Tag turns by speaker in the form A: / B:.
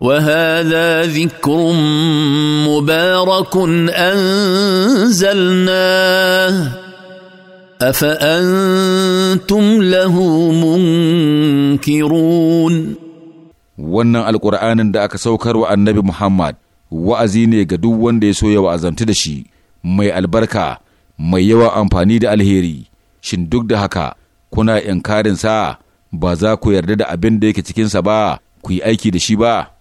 A: وهذا ذكر مبارك انزلناه افانتم
B: له منكرون
C: wannan alƙur'anin da aka saukar wa annabi muhammad wa'azi ne ga duk wanda ya so ya wa'azantu da shi mai albarka mai yawa, amfani da alheri shin duk da haka kuna sa ba za ku yarda da abin da yake cikinsa ba ku yi aiki da shi
D: ba